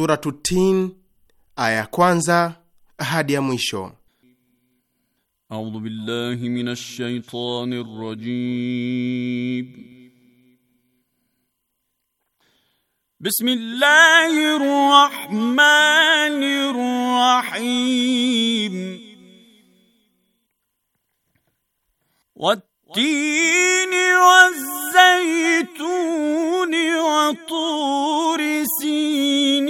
Suratu Tin aya ya kwanza hadi ya mwisho. A'udhu billahi minash shaitanir rajim. Bismillahir rahmanir rahim. والتين والزيتون وطور سينين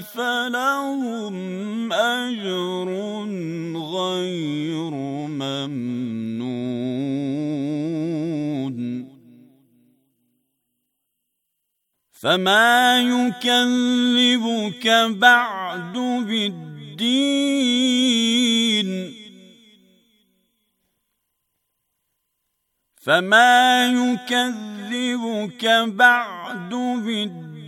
فلهم أجر غير ممنون فما يكذبك بعد بالدين فما يكذبك بعد بالدين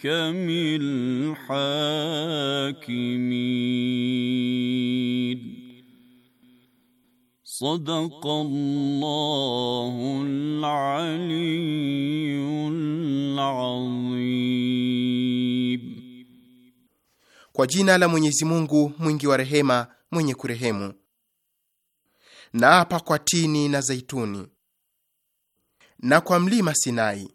ahkamil hakimin. Sadaqallahul aliyyul azim. Kwa jina la Mwenyezi Mungu mwingi wa rehema mwenye kurehemu. Na hapa kwa tini na zaituni na kwa mlima Sinai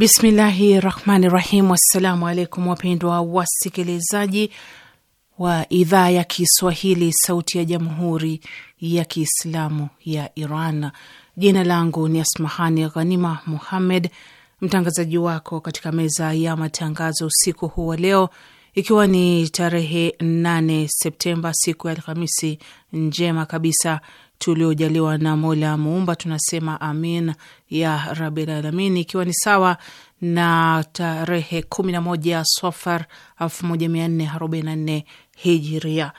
Bismillahi rahmani rahim. Assalamu alaikum wapendwa wasikilizaji wa idhaa ya Kiswahili sauti ya jamhuri ya Kiislamu ya Iran. Jina langu ni Asmahani Ghanima Muhammed, mtangazaji wako katika meza ya matangazo usiku huu wa leo, ikiwa ni tarehe 8 Septemba, siku ya Alhamisi njema kabisa tuliojaliwa na Mola Muumba, tunasema amin ya rabil alamin, ikiwa ni sawa na tarehe kumi na moja Safar elfu moja mia nne arobaini na nne hijiria.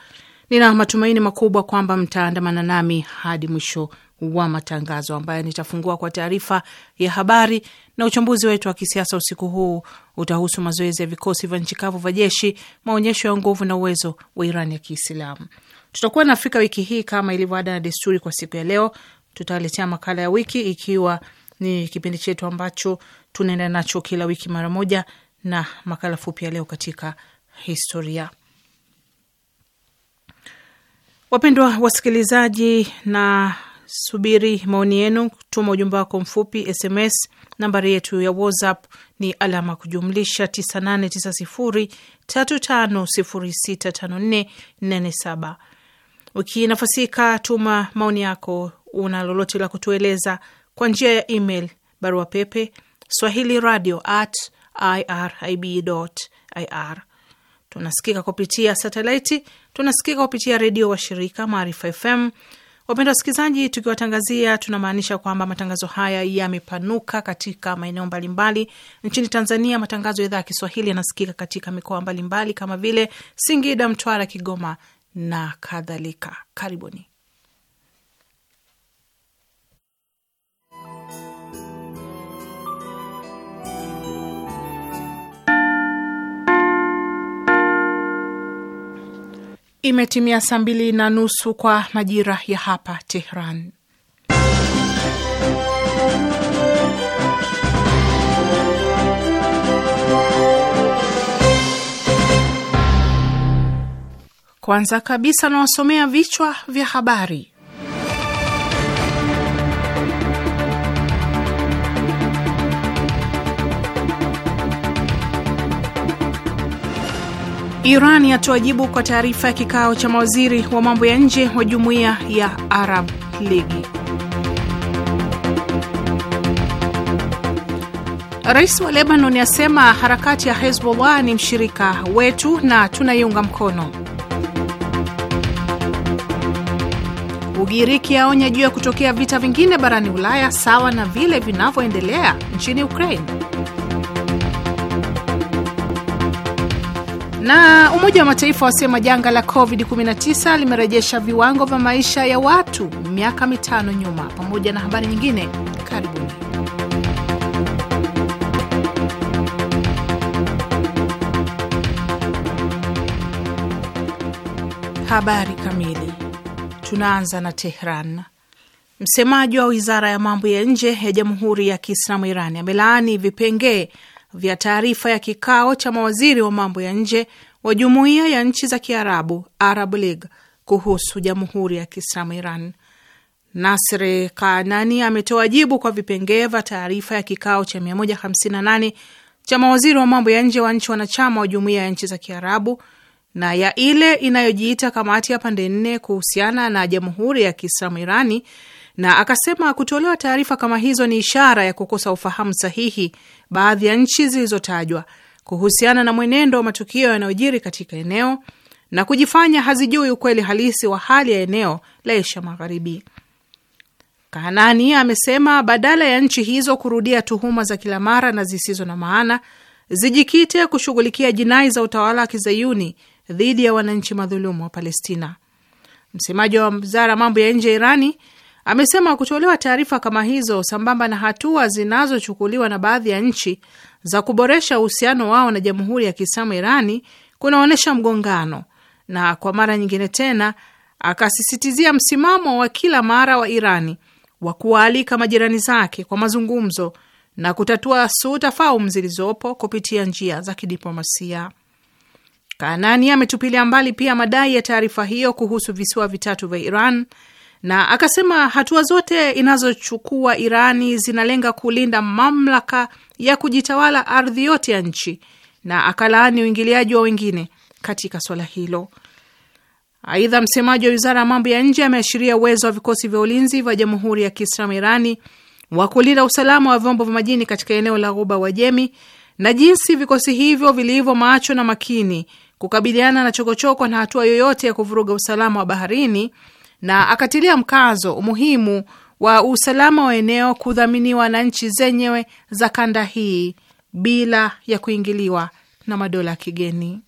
Nina matumaini makubwa kwamba mtaandamana nami hadi mwisho wa matangazo ambayo nitafungua kwa taarifa ya habari na uchambuzi wetu wa kisiasa. Usiku huu utahusu mazoezi ya vikosi vya nchi kavu vya jeshi, maonyesho ya nguvu na uwezo wa iran ya Kiislamu. Tutakuwa na Afrika wiki hii kama ilivyo ada na desturi. Kwa siku ya leo, tutaletea makala ya wiki, ikiwa ni kipindi chetu ambacho tunaenda nacho kila wiki mara moja, na makala fupi ya leo katika historia. Wapendwa wasikilizaji, na subiri maoni yenu. Tuma ujumbe wako mfupi SMS. Nambari yetu ya WhatsApp ni alama kujumlisha 989035065487. Ukinafasika, tuma maoni yako, una lolote la kutueleza kwa njia ya email, barua pepe swahili radio at irib ir. Tunasikika kupitia satelaiti, tunasikika kupitia redio wa shirika Maarifa FM. Wapenda wasikilizaji, tukiwatangazia tunamaanisha kwamba matangazo haya yamepanuka katika maeneo mbalimbali nchini Tanzania. Matangazo ya idhaa ya Kiswahili yanasikika katika mikoa mbalimbali kama vile Singida, Mtwara, Kigoma, na kadhalika. Karibuni. Imetimia saa mbili na nusu kwa majira ya hapa Tehran. Kwanza kabisa nawasomea vichwa vya habari. Iran yatoa jibu kwa taarifa ya kikao cha mawaziri wa mambo ya nje wa jumuiya ya Arab League. Rais wa Lebanon asema harakati ya Hezbollah ni mshirika wetu na tunaiunga mkono. Ugiriki yaonya juu ya kutokea vita vingine barani Ulaya sawa na vile vinavyoendelea nchini Ukraine. Na Umoja wa Mataifa wasema janga la COVID-19 limerejesha viwango vya maisha ya watu miaka mitano nyuma, pamoja na habari nyingine. Karibuni. Habari kamili. Tunaanza na Tehran. Msemaji wa wizara ya mambo ya nje ya Jamhuri ya Kiislamu Iran amelaani vipengee vya taarifa ya kikao cha mawaziri wa mambo ya nje wa Jumuiya ya Nchi za Kiarabu, Arab League, kuhusu Jamhuri ya Kiislamu Iran. Nasri Kanani ametoa jibu kwa vipengee vya taarifa ya kikao cha 158 cha mawaziri wa mambo ya nje wa nchi wanachama wa Jumuiya ya Nchi za Kiarabu na ya ile inayojiita kamati ya pande nne kuhusiana na Jamhuri ya Kiislamu Irani, na akasema kutolewa taarifa kama hizo ni ishara ya kukosa ufahamu sahihi baadhi ya nchi zilizotajwa kuhusiana na mwenendo wa matukio yanayojiri katika eneo na kujifanya hazijui ukweli halisi wa hali ya eneo la Asia Magharibi. Kanani amesema badala ya nchi hizo kurudia tuhuma za kila mara na zisizo na maana, zijikite kushughulikia jinai za utawala wa kizayuni dhidi ya wananchi madhulumu wa Palestina. Msemaji wa wizara mambo ya nje ya Irani amesema kutolewa taarifa kama hizo sambamba na hatua zinazochukuliwa na baadhi ya nchi za kuboresha uhusiano wao na jamhuri ya Kiislamu Irani kunaonyesha mgongano, na kwa mara nyingine tena akasisitizia msimamo wa kila mara wa Irani wa kuwaalika majirani zake kwa mazungumzo na kutatua sutafaum zilizopo kupitia njia za kidiplomasia. Kanani ametupilia mbali pia madai ya taarifa hiyo kuhusu visiwa vitatu vya Iran na akasema hatua zote inazochukua Irani zinalenga kulinda mamlaka ya kujitawala ardhi yote ya nchi, na akalaani uingiliaji wa wengine katika swala hilo. Aidha, msemaji wa wizara ya mambo ya nje ameashiria uwezo wa vikosi vya ulinzi vya Jamhuri ya Kiislamu Irani wa kulinda usalama wa vyombo vya majini katika eneo la Ghuba Wajemi na jinsi vikosi hivyo vilivyo macho na makini kukabiliana na chokochoko na hatua yoyote ya kuvuruga usalama wa baharini, na akatilia mkazo umuhimu wa usalama wa eneo kudhaminiwa na nchi zenyewe za kanda hii bila ya kuingiliwa na madola ya kigeni.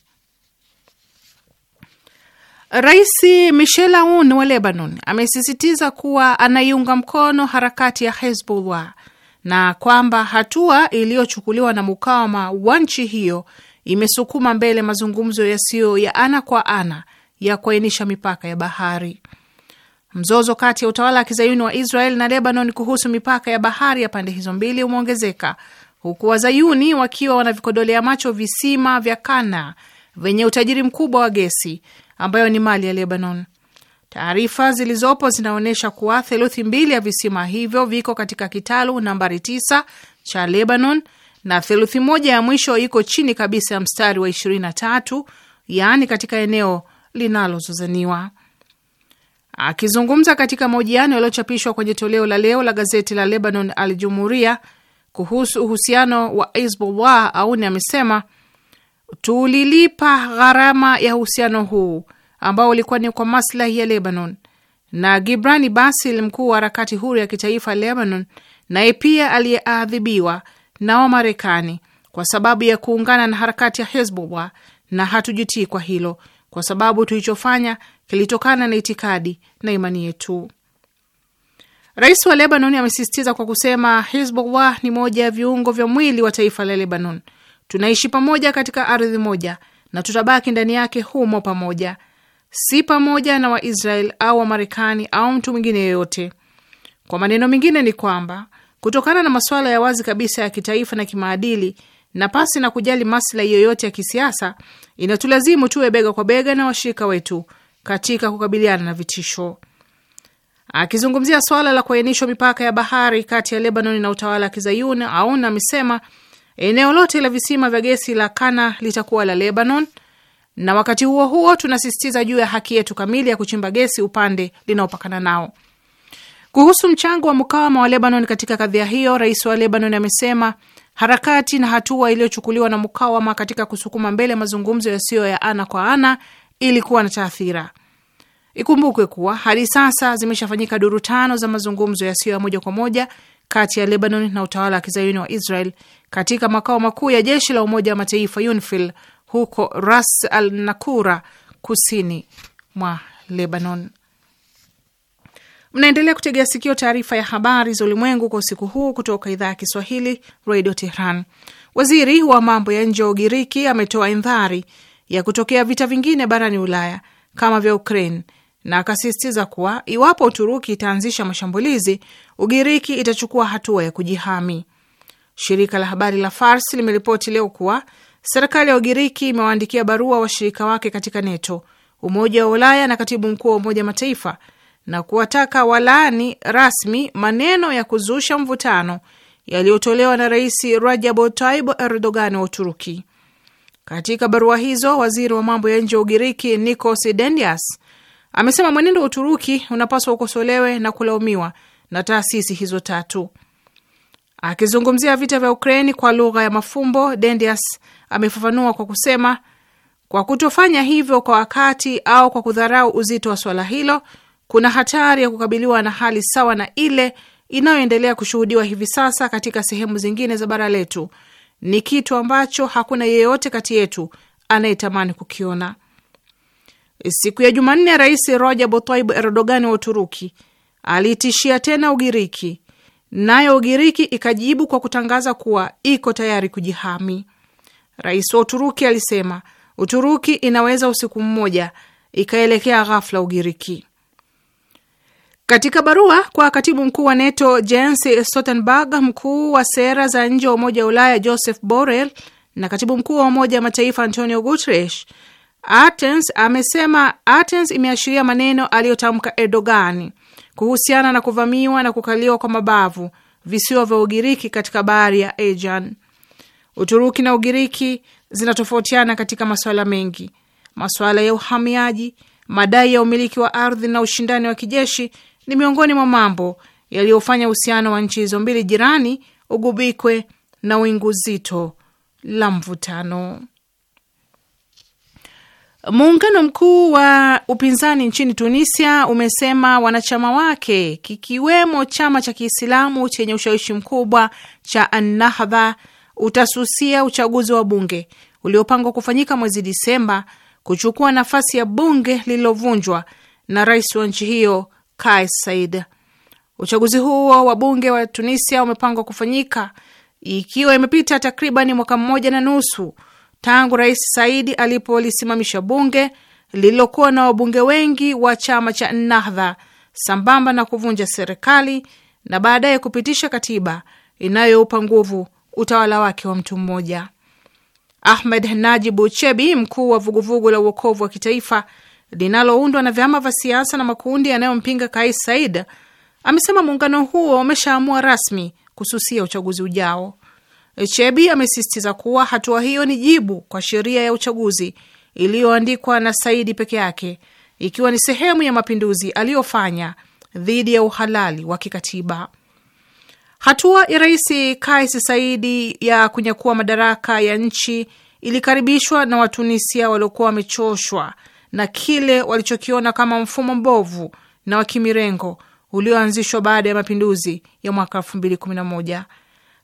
Rais Michel Aoun wa Lebanon amesisitiza kuwa anaiunga mkono harakati ya Hezbollah na kwamba hatua iliyochukuliwa na mukawama wa nchi hiyo imesukuma mbele mazungumzo yasiyo ya ana kwa ana ya kuainisha mipaka ya bahari. Mzozo kati ya utawala wa kizayuni wa Israel na Lebanon kuhusu mipaka ya bahari ya pande hizo mbili umeongezeka huku wazayuni wakiwa wanavikodolea macho visima vya Kana vyenye utajiri mkubwa wa gesi ambayo ni mali ya Lebanon. Taarifa zilizopo zinaonyesha kuwa theluthi mbili ya visima hivyo viko katika kitalu nambari 9 cha Lebanon na theluthi moja ya mwisho iko chini kabisa ya mstari wa 23, yaani katika eneo linalozozaniwa. Akizungumza katika mahojiano yaliyochapishwa kwenye toleo la leo la gazeti la Lebanon Al Jumuria kuhusu uhusiano wa Hizbullah, Auni amesema tulilipa gharama ya uhusiano huu ambao ulikuwa ni kwa maslahi ya Lebanon, na Gibrani Basil, mkuu wa harakati huru ya kitaifa Lebanon, naye pia aliyeadhibiwa na Wamarekani kwa sababu ya kuungana na harakati ya Hezbollah, na hatujutii kwa hilo, kwa sababu tulichofanya kilitokana na itikadi na imani yetu. Rais wa Lebanon amesisitiza kwa kusema, Hizbullah ni moja ya viungo vya mwili wa taifa la Lebanon. Tunaishi pamoja katika ardhi moja na tutabaki ndani yake humo pamoja si pamoja na waisrael au Wamarekani au mtu mwingine yoyote. Kwa maneno mengine ni kwamba kutokana na masuala ya wazi kabisa ya kitaifa na kimaadili na pasi na kujali maslahi yoyote ya kisiasa, inatulazimu tuwe bega kwa bega na washirika wetu katika kukabiliana na vitisho. Akizungumzia swala la kuainishwa mipaka ya bahari kati ya Lebanon na utawala wa kizayuni, Aoun amesema eneo lote la visima vya gesi la Kana litakuwa la Lebanon na wakati huo huo tunasisitiza juu ya haki yetu kamili ya kuchimba gesi upande linaopakana nao. Kuhusu mchango wa mkawama wa Lebanon katika kadhia hiyo, rais wa Lebanon amesema harakati na hatua iliyochukuliwa na mkawama katika kusukuma mbele mazungumzo yasiyo ya ana kwa ana ilikuwa na taathira. Ikumbukwe kuwa hadi sasa zimeshafanyika duru tano za mazungumzo yasiyo ya moja kwa moja kati ya Lebanon na utawala wa kizayuni wa Israel katika makao makuu ya jeshi la Umoja wa Mataifa UNIFIL huko Ras al Nakura, kusini mwa Lebanon. Mnaendelea kutegea sikio taarifa ya habari za ulimwengu kwa usiku huu kutoka idhaa ya Kiswahili, Radio Tehran. Waziri wa mambo ya nje wa Ugiriki ametoa indhari ya kutokea vita vingine barani Ulaya kama vya Ukraine na akasisitiza kuwa iwapo Uturuki itaanzisha mashambulizi, Ugiriki itachukua hatua ya kujihami. Shirika la habari la Fars limeripoti leo kuwa Serikali ya Ugiriki imewaandikia barua washirika wake katika NATO, Umoja wa Ulaya na katibu mkuu wa Umoja Mataifa na kuwataka walaani rasmi maneno ya kuzusha mvutano yaliyotolewa na Rais Rajab Tayyip Erdogan wa Uturuki. Katika barua hizo, waziri wa mambo ya nje wa Ugiriki Nikos Dendias amesema mwenendo wa Uturuki unapaswa ukosolewe na kulaumiwa na taasisi hizo tatu. Akizungumzia vita vya Ukraini kwa lugha ya mafumbo, Dendias amefafanua kwa kusema, kwa kutofanya hivyo kwa wakati au kwa kudharau uzito wa swala hilo, kuna hatari ya kukabiliwa na hali sawa na ile inayoendelea kushuhudiwa hivi sasa katika sehemu zingine za bara letu. Ni kitu ambacho hakuna yeyote kati yetu anayetamani kukiona. Siku ya Jumanne, Rais Recep Tayyip Erdogan wa Uturuki aliitishia tena Ugiriki, nayo Ugiriki ikajibu kwa kutangaza kuwa iko tayari kujihami. Rais wa Uturuki alisema Uturuki inaweza usiku mmoja ikaelekea ghafla Ugiriki. Katika barua kwa katibu mkuu wa NATO Jens Stoltenberg, mkuu wa sera za nje wa Umoja wa Ulaya Joseph Borrell na katibu mkuu wa Umoja wa Mataifa Antonio Guterres, Athens amesema Athens imeashiria maneno aliyotamka Erdogan kuhusiana na kuvamiwa na kukaliwa kwa mabavu visiwa vya Ugiriki katika bahari ya Aegean. Uturuki na Ugiriki zinatofautiana katika masuala mengi: masuala ya uhamiaji, madai ya umiliki wa ardhi na ushindani wa kijeshi ni miongoni mwa mambo yaliyofanya uhusiano wa nchi hizo mbili jirani ugubikwe na wingu zito la mvutano. Muungano mkuu wa upinzani nchini Tunisia umesema wanachama wake kikiwemo chama cha Kiislamu chenye ushawishi mkubwa cha Annahdha utasusia uchaguzi wa bunge uliopangwa kufanyika mwezi Disemba kuchukua nafasi ya bunge lililovunjwa na rais wa nchi hiyo Kais Saied. Uchaguzi huo wa bunge wa Tunisia umepangwa kufanyika ikiwa imepita takriban mwaka mmoja na nusu tangu rais Saidi alipolisimamisha bunge lililokuwa na wabunge wengi wa chama cha Nahdha sambamba na kuvunja serikali na baadaye kupitisha katiba inayoupa nguvu utawala wake wa mtu mmoja. Ahmed Najibu Chebi, mkuu wa vuguvugu la uokovu wa kitaifa linaloundwa na vyama vya siasa na makundi yanayompinga Kais Said, amesema muungano huo umeshaamua rasmi kususia uchaguzi ujao. Chebi amesisitiza kuwa hatua hiyo ni jibu kwa sheria ya uchaguzi iliyoandikwa na Saidi peke yake, ikiwa ni sehemu ya mapinduzi aliyofanya dhidi ya uhalali wa kikatiba. Hatua ya Rais Kais Saidi ya kunyakua madaraka ya nchi ilikaribishwa na Watunisia waliokuwa wamechoshwa na kile walichokiona kama mfumo mbovu na wa kimirengo ulioanzishwa baada ya mapinduzi ya mwaka moja.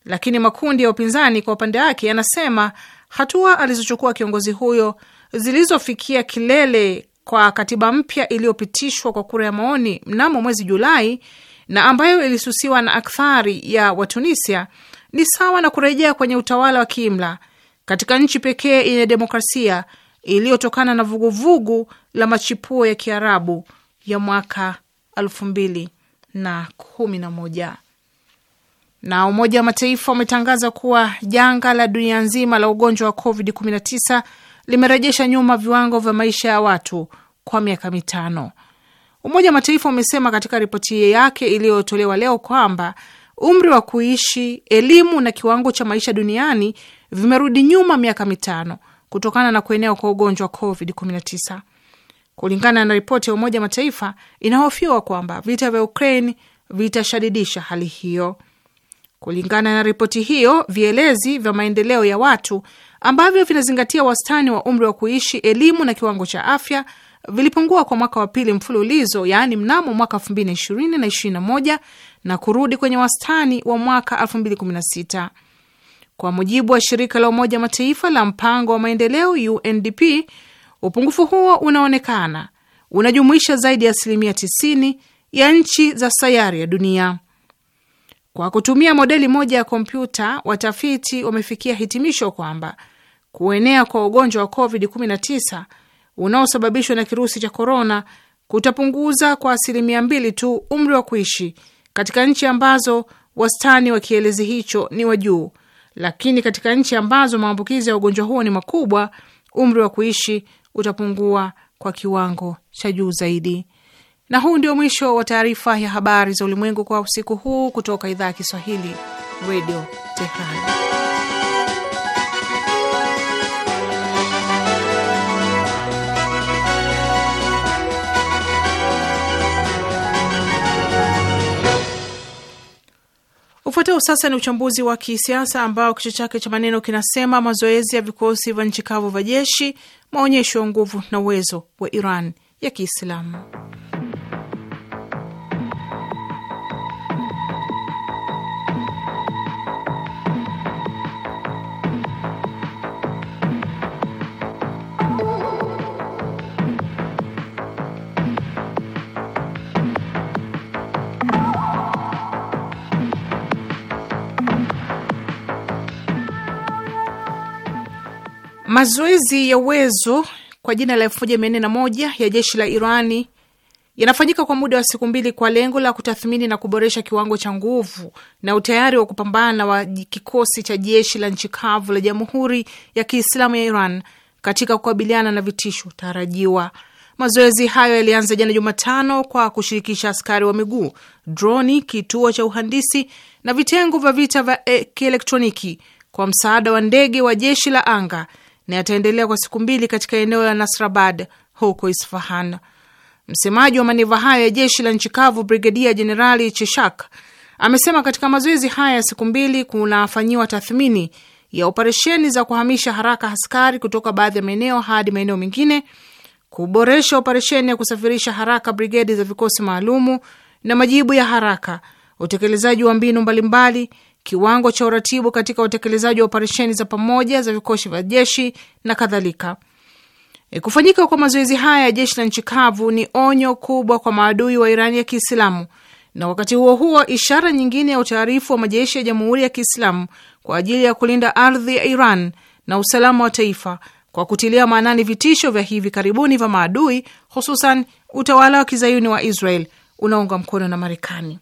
Lakini makundi ya upinzani kwa upande wake yanasema hatua alizochukua kiongozi huyo zilizofikia kilele kwa katiba mpya iliyopitishwa kwa kura ya maoni mnamo mwezi Julai na ambayo ilisusiwa na akthari ya Watunisia ni sawa na kurejea kwenye utawala wa kiimla katika nchi pekee yenye demokrasia iliyotokana na vuguvugu la machipuo ya Kiarabu ya mwaka elfu mbili na kumi na moja. Na Umoja wa Mataifa umetangaza kuwa janga la dunia nzima la ugonjwa wa COVID-19 limerejesha nyuma viwango vya maisha ya watu kwa miaka mitano. Umoja wa Mataifa umesema katika ripoti yake iliyotolewa leo kwamba umri wa kuishi, elimu na kiwango cha maisha duniani vimerudi nyuma miaka mitano kutokana na kuenea kwa ugonjwa wa COVID-19. Kulingana na ripoti ya Umoja wa Mataifa, inahofiwa kwamba vita vya Ukraine vitashadidisha hali hiyo. Kulingana na ripoti hiyo, vielezi vya maendeleo ya watu ambavyo vinazingatia wastani wa umri wa kuishi, elimu na kiwango cha afya vilipungua kwa mwaka wa pili mfululizo, yaani mnamo mwaka 2020 na 21 na kurudi kwenye wastani wa mwaka 2016 kwa mujibu wa shirika la Umoja wa Mataifa la mpango wa maendeleo UNDP. Upungufu huo unaonekana unajumuisha zaidi ya asilimia 90 ya nchi za sayari ya dunia. Kwa kutumia modeli moja ya kompyuta, watafiti wamefikia hitimisho kwamba kuenea kwa ugonjwa wa COVID-19 unaosababishwa na kirusi cha korona kutapunguza kwa asilimia mbili tu umri wa kuishi katika nchi ambazo wastani wa kielezi hicho ni wa juu, lakini katika nchi ambazo maambukizi ya ugonjwa huo ni makubwa, umri wa kuishi utapungua kwa kiwango cha juu zaidi. Na huu ndio mwisho wa taarifa ya habari za ulimwengu kwa usiku huu kutoka idhaa ya Kiswahili, Redio Tehran. Ufuatao sasa ni uchambuzi wa kisiasa ambao kichwa chake cha maneno kinasema mazoezi ya vikosi vya nchi kavu vya jeshi, maonyesho ya nguvu na uwezo wa Iran ya Kiislamu. Mazoezi ya uwezo kwa jina la elfu moja mia nne na moja ya jeshi la Irani yanafanyika kwa muda wa siku mbili kwa lengo la kutathmini na kuboresha kiwango cha nguvu na utayari wa kupambana wa kikosi cha jeshi la nchi kavu la Jamhuri ya Kiislamu ya Iran katika kukabiliana na vitisho tarajiwa. Mazoezi hayo yalianza jana Jumatano kwa kushirikisha askari wa miguu, droni, kituo cha uhandisi na vitengo vya vita vya kielektroniki kwa msaada wa ndege wa jeshi la anga na yataendelea kwa siku mbili katika eneo la Nasrabad huko Isfahan. Msemaji wa maneva hayo ya jeshi la nchi kavu Brigedia Jenerali Cheshak amesema katika mazoezi haya ya siku mbili kunafanyiwa tathmini ya operesheni za kuhamisha haraka askari kutoka baadhi ya maeneo hadi maeneo mengine, kuboresha operesheni ya kusafirisha haraka brigedi za vikosi maalumu na majibu ya haraka, utekelezaji wa mbinu mbalimbali mbali, kiwango cha uratibu katika utekelezaji wa operesheni za pamoja za vikosi vya jeshi na kadhalika. E, kufanyika kwa mazoezi haya ya jeshi la nchi kavu ni onyo kubwa kwa maadui wa Irani ya Kiislamu na wakati huo huo ishara nyingine ya utaarifu wa majeshi ya Jamhuri ya Kiislamu kwa ajili ya kulinda ardhi ya Iran na usalama wa taifa kwa kutilia maanani vitisho vya hivi karibuni vya maadui, hususan utawala wa kizayuni wa Israel unaunga mkono na Marekani.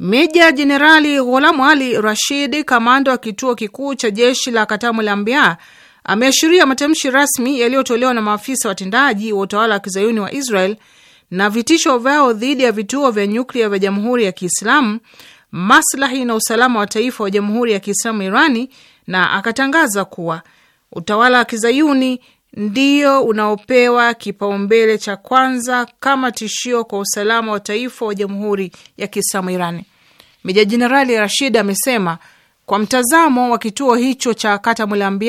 Meja Jenerali Ghulam Ali Rashid, kamanda wa kituo kikuu cha jeshi la Katamu la Mbia, ameashiria matamshi rasmi yaliyotolewa na maafisa watendaji wa utawala wa kizayuni wa Israel na vitisho vyao dhidi ya vituo vya nyuklia vya Jamhuri ya Kiislamu, maslahi na usalama wa taifa wa Jamhuri ya Kiislamu Irani, na akatangaza kuwa utawala wa kizayuni ndio unaopewa kipaumbele cha kwanza kama tishio kwa usalama wa taifa wa Jamhuri ya Kiislamu Irani. Meja Jenerali Rashid amesema kwa mtazamo wa kituo hicho cha Katamul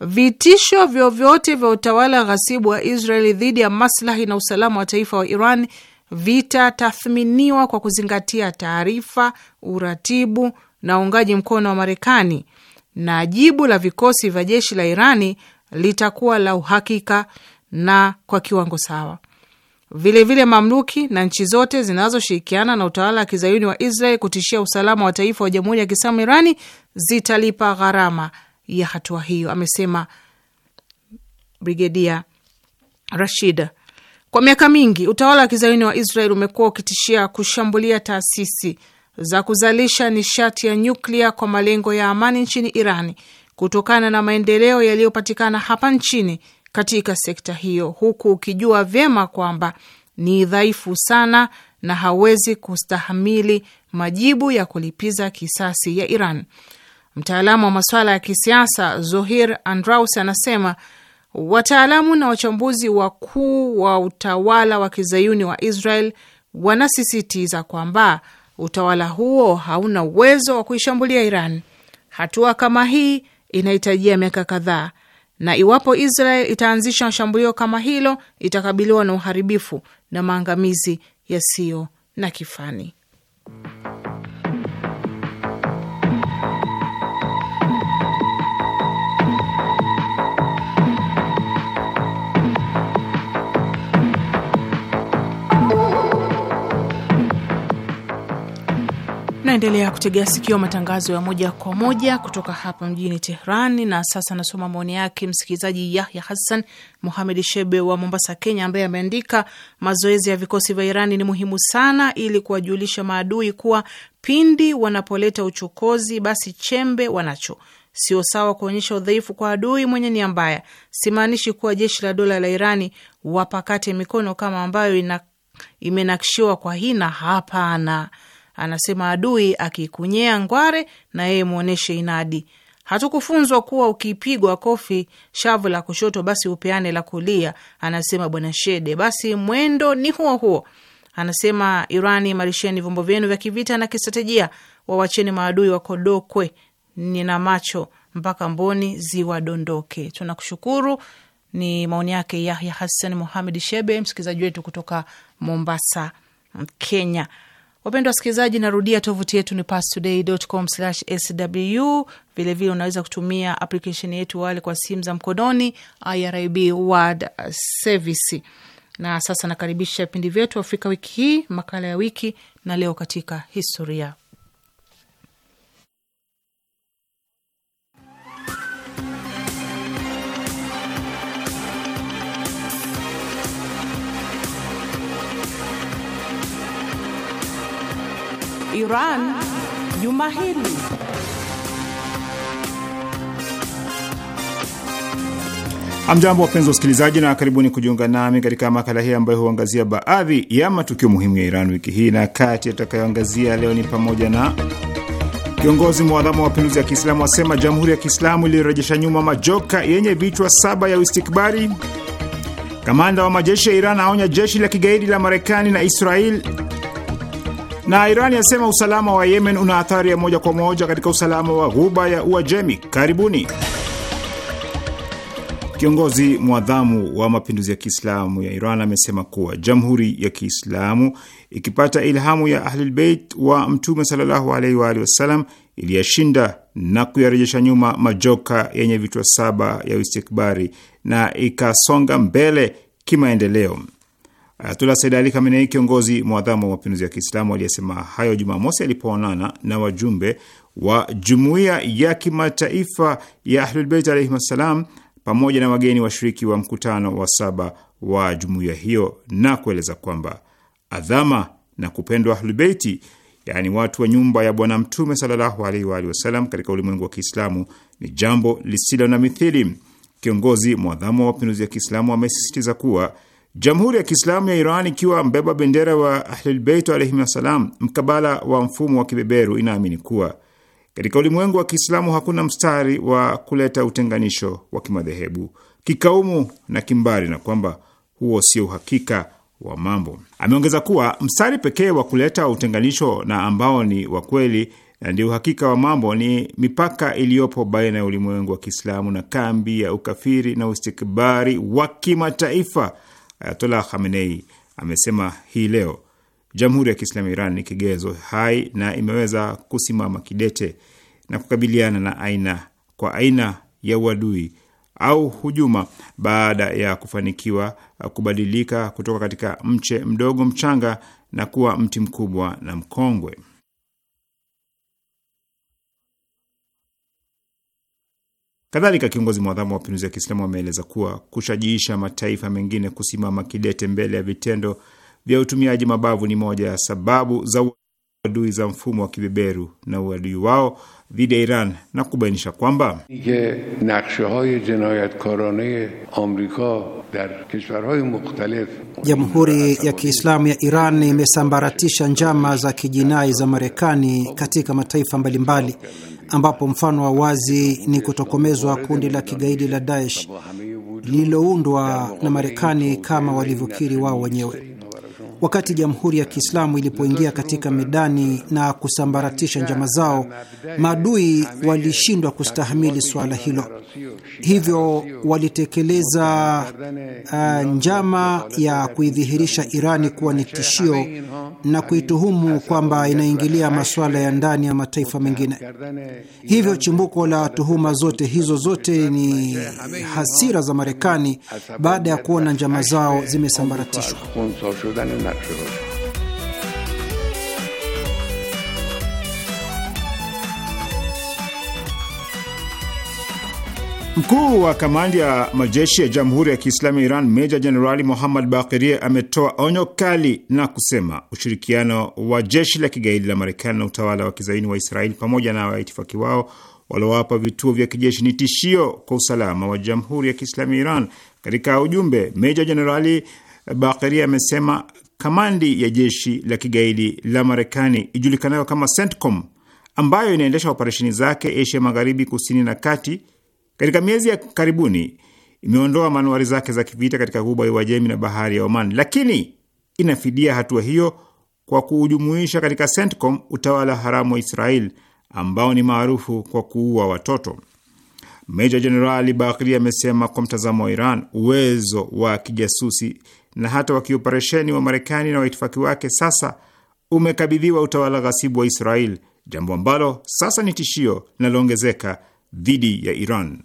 vitisho vyovyote vya utawala ghasibu wa Israeli dhidi ya maslahi na usalama wa taifa wa Iran vitatathminiwa kwa kuzingatia taarifa, uratibu na uungaji mkono wa Marekani na jibu la vikosi vya jeshi la Irani litakuwa la uhakika na kwa kiwango sawa. Vilevile vile mamluki na nchi zote zinazoshirikiana na utawala wa kizayuni wa Israel kutishia usalama wa taifa wa jamhuri ya kiislamu Irani zitalipa gharama ya hatua hiyo, amesema Brigedia Rashid. Kwa miaka mingi utawala wa kizayuni wa Israel umekuwa ukitishia kushambulia taasisi za kuzalisha nishati ya nyuklia kwa malengo ya amani nchini Irani kutokana na maendeleo yaliyopatikana hapa nchini katika sekta hiyo, huku ukijua vyema kwamba ni dhaifu sana na hawezi kustahamili majibu ya kulipiza kisasi ya Iran. Mtaalamu wa masuala ya kisiasa Zohir Andraus anasema wataalamu na wachambuzi wakuu wa utawala wa kizayuni wa Israel wanasisitiza kwamba utawala huo hauna uwezo wa kuishambulia Iran. Hatua kama hii inahitajia miaka kadhaa, na iwapo Israel itaanzisha shambulio kama hilo itakabiliwa na uharibifu na maangamizi yasiyo na kifani. Naendelea kutegea sikio matangazo ya moja kwa moja kutoka hapa mjini tehran Na sasa nasoma maoni yake msikilizaji Yahya Hassan Muhamed Shebe wa Mombasa, Kenya, ambaye ameandika mazoezi ya vikosi vya Irani ni muhimu sana ili kuwajulisha maadui kuwa pindi wanapoleta uchokozi, basi chembe wanacho. Sio sawa kuonyesha udhaifu kwa adui mwenye nia mbaya. Simaanishi kuwa jeshi la dola la Irani wapakate mikono kama ambayo ina, imenakshiwa kwa hina. Hapana. Anasema adui akikunyea ngware na yeye mwonyeshe inadi. Hatukufunzwa kuwa ukipigwa kofi shavu la kushoto basi upeane la kulia, anasema bwana Shede. Basi mwendo ni huo huo. Anasema Irani, imarisheni vyombo vyenu vya kivita na kistratejia, wawacheni maadui wakodokwe nina macho mpaka mboni ziwadondoke. Tunakushukuru. Ni maoni yake Yahya Hassan Muhamed Shebe, msikilizaji wetu kutoka Mombasa, Kenya. Wapendwa wasikilizaji, narudia tovuti yetu ni pastoday.com/sw. Vilevile unaweza kutumia aplikesheni yetu wale kwa simu za mkononi IRIB World Service. Na sasa nakaribisha vipindi vyetu Afrika wiki hii, makala ya wiki na leo katika historia Iran juma hili. Amjambo, wapenzi wa usikilizaji, na karibuni kujiunga nami katika makala hii ambayo huangazia baadhi ya matukio muhimu ya Iran wiki hii, na kati yatakayoangazia leo ni pamoja na Kiongozi mwadhamu wa mapinduzi ya Kiislamu asema jamhuri ya Kiislamu ilirejesha nyuma majoka yenye vichwa saba ya uistikbari. Kamanda wa majeshi ya Iran aonya jeshi la kigaidi la Marekani na Israel na Iran yasema usalama wa Yemen una athari ya moja kwa moja katika usalama wa ghuba ya Uajemi. Karibuni. Kiongozi mwadhamu wa mapinduzi ya Kiislamu ya Iran amesema kuwa jamhuri ya Kiislamu ikipata ilhamu ya Ahlulbeit wa Mtume sallallahu alaihi wa alihi wasallam iliyashinda na kuyarejesha nyuma majoka yenye vichwa saba ya uistikbari na ikasonga mbele kimaendeleo. Ayatullah uh, Said Ali Khamenei, kiongozi mwadhamu wa mapinduzi ya Kiislamu, aliyesema hayo Jumamosi alipoonana na wajumbe wa jumuiya ya kimataifa ya Ahlulbeit alaihim assalam pamoja na wageni washiriki wa mkutano wa saba wa jumuiya hiyo, na kueleza kwamba adhama na kupendwa Ahlulbeiti, yaani watu wa nyumba ya Bwana Mtume sallallahu alaihi wa alihi wasallam, katika ulimwengu wa Kiislamu ni jambo lisilo na mithili. Kiongozi mwadhamu wa mapinduzi ya Kiislamu amesisitiza kuwa Jamhuri ya Kiislamu ya Iran ikiwa mbeba bendera wa Ahlulbeit alaihim wassalam, mkabala wa mfumo wa kibeberu, inaamini kuwa katika ulimwengu wa Kiislamu hakuna mstari wa kuleta utenganisho wa kimadhehebu, kikaumu na kimbari, na kwamba huo sio uhakika wa mambo. Ameongeza kuwa mstari pekee wa kuleta utenganisho na ambao ni wa kweli na ndio uhakika wa mambo ni mipaka iliyopo baina ya ulimwengu wa Kiislamu na kambi ya ukafiri na ustikbari wa kimataifa Ayatollah Khamenei amesema hii leo Jamhuri ya Kiislamu ya Iran ni kigezo hai na imeweza kusimama kidete na kukabiliana na aina kwa aina ya uadui au hujuma baada ya kufanikiwa kubadilika kutoka katika mche mdogo mchanga na kuwa mti mkubwa na mkongwe. Kadhalika, kiongozi mwadhamu wa mapinduzi ya Kiislamu ameeleza kuwa kushajiisha mataifa mengine kusimama kidete mbele ya vitendo vya utumiaji mabavu ni moja ya sababu za uadui za mfumo wa kibeberu na uadui wao dhidi ya Iran na kubainisha kwamba Jamhuri ya Kiislamu ya Iran imesambaratisha njama za kijinai za Marekani katika mataifa mbalimbali ambapo mfano wa wazi ni kutokomezwa kundi la kigaidi la Daesh lililoundwa na Marekani kama walivyokiri wao wenyewe. Wakati Jamhuri ya Kiislamu ilipoingia katika medani na kusambaratisha njama zao, maadui walishindwa kustahamili suala hilo, hivyo walitekeleza uh, njama ya kuidhihirisha Irani kuwa ni tishio na kuituhumu kwamba inaingilia masuala ya ndani ya mataifa mengine. Hivyo chimbuko la tuhuma zote hizo zote ni hasira za Marekani baada ya kuona njama zao zimesambaratishwa mkuu wa kamandi ya majeshi ya Jamhuri ya Kiislamu ya Iran Meja Jenerali Muhammad Bakirie ametoa onyo kali na kusema ushirikiano wa jeshi la kigaidi la Marekani na utawala wa kizaini wa Israeli pamoja na waitifaki wao waliowapa vituo vya kijeshi ni tishio kwa usalama wa Jamhuri ya Kiislamu ya Iran. Katika ujumbe, Meja Jenerali Bakirie amesema kamandi ya jeshi la kigaidi la Marekani ijulikanayo kama CENTCOM ambayo inaendesha operesheni zake Asia Magharibi, kusini na kati. Katika miezi ya karibuni imeondoa manuari zake za kivita katika ghuba ya Uajemi na bahari ya Oman, lakini inafidia hatua hiyo kwa kuujumuisha katika CENTCOM utawala haramu wa Israel ambao ni maarufu kwa kuua watoto. Meja Jenerali Bakri amesema kwa mtazamo wa Iran, uwezo wa kijasusi na hata wa kioperesheni wa Marekani na waitifaki wake sasa umekabidhiwa utawala ghasibu wa Israel, jambo ambalo sasa ni tishio linaloongezeka dhidi ya Iran.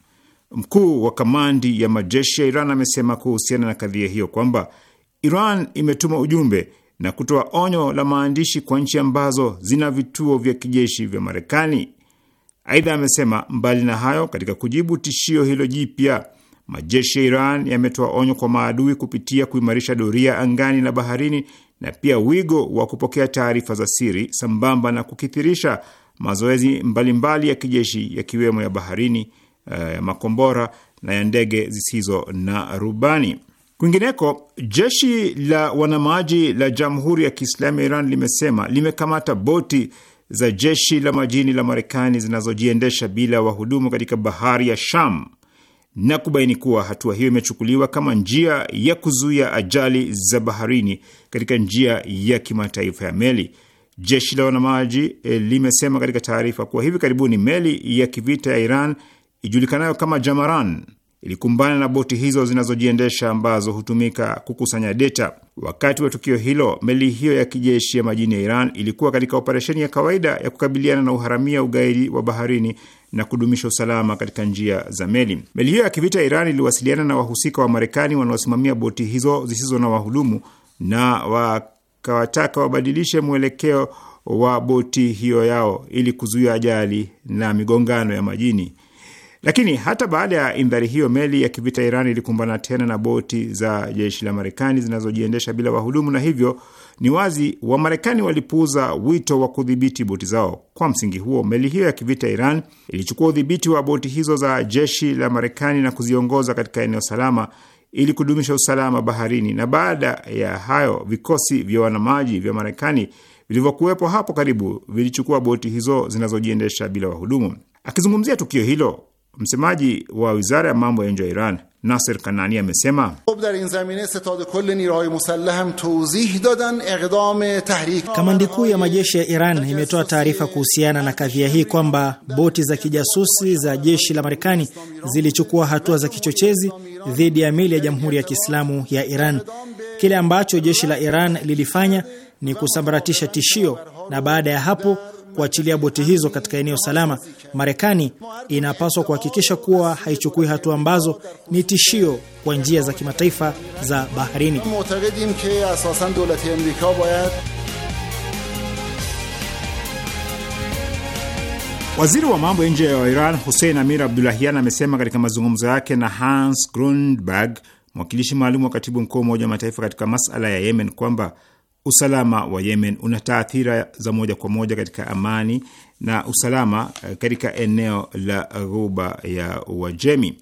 Mkuu wa kamandi ya majeshi ya Iran amesema kuhusiana na kadhia hiyo kwamba Iran imetuma ujumbe na kutoa onyo la maandishi kwa nchi ambazo zina vituo vya kijeshi vya Marekani. Aidha amesema mbali na hayo, katika kujibu tishio hilo jipya, Majeshi ya Iran yametoa onyo kwa maadui kupitia kuimarisha doria angani na baharini na pia wigo wa kupokea taarifa za siri sambamba na kukithirisha mazoezi mbalimbali mbali ya kijeshi yakiwemo ya baharini, eh, ya makombora na ya ndege zisizo na rubani. Kwingineko, jeshi la wanamaji la Jamhuri ya Kiislamu ya Iran limesema limekamata boti za jeshi la majini la Marekani zinazojiendesha bila wahudumu katika bahari ya Sham na kubaini kuwa hatua hiyo imechukuliwa kama njia ya kuzuia ajali za baharini katika njia ya kimataifa ya meli. Jeshi la wanamaji eh, limesema katika taarifa kuwa hivi karibuni meli ya kivita ya Iran ijulikanayo kama Jamaran ilikumbana na boti hizo zinazojiendesha ambazo hutumika kukusanya data. Wakati wa tukio hilo, meli hiyo ya kijeshi ya majini ya Iran ilikuwa katika operesheni ya kawaida ya kukabiliana na uharamia, ugaidi wa baharini na kudumisha usalama katika njia za meli. Meli hiyo ya kivita ya Iran iliwasiliana na wahusika wa Marekani wanaosimamia boti hizo zisizo na wahudumu na wakawataka wabadilishe mwelekeo wa boti hiyo yao ili kuzuia ajali na migongano ya majini. Lakini hata baada ya indhari hiyo, meli ya kivita Iran ilikumbana tena na boti za jeshi la Marekani zinazojiendesha bila wahudumu na hivyo ni wazi Wamarekani walipuuza wito wa kudhibiti boti zao. Kwa msingi huo, meli hiyo ya kivita Iran ilichukua udhibiti wa boti hizo za jeshi la Marekani na kuziongoza katika eneo salama ili kudumisha usalama baharini. Na baada ya hayo, vikosi vya wanamaji vya Marekani vilivyokuwepo hapo karibu vilichukua boti hizo zinazojiendesha bila wahudumu. Akizungumzia tukio hilo, msemaji wa wizara ya mambo ya nje ya Iran Nasser Kanani amesema kamandi kuu ya majeshi ya Iran imetoa taarifa kuhusiana na kadhia hii kwamba boti za kijasusi za jeshi la Marekani zilichukua hatua za kichochezi dhidi ya mili ya Jamhuri ya Kiislamu ya Iran. Kile ambacho jeshi la Iran lilifanya ni kusambaratisha tishio na baada ya hapo kuachilia boti hizo katika eneo salama, Marekani inapaswa kuhakikisha kuwa haichukui hatua ambazo ni tishio kwa njia za kimataifa za baharini. Waziri wa mambo ya nje wa Iran Hussein Amir Abdulahian amesema katika mazungumzo yake na Hans Grundberg, mwakilishi maalum wa katibu mkuu wa Umoja wa Mataifa katika masala ya Yemen, kwamba usalama wa Yemen una taathira za moja kwa moja katika amani na usalama eh, katika eneo la Ghuba ya Uajemi.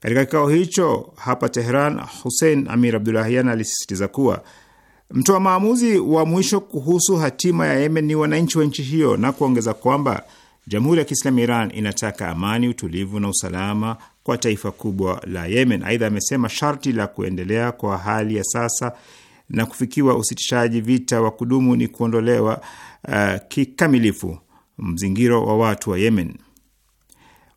Katika kikao hicho hapa Tehran, Hussein Amir Abdulahian alisisitiza kuwa mtoa maamuzi wa mwisho kuhusu hatima ya Yemen ni wananchi wa nchi hiyo, na kuongeza kwamba Jamhuri ya Kiislamu Iran inataka amani, utulivu na usalama kwa taifa kubwa la Yemen. Aidha amesema sharti la kuendelea kwa hali ya sasa na kufikiwa usitishaji vita wa kudumu ni kuondolewa uh, kikamilifu mzingiro wa watu wa Yemen.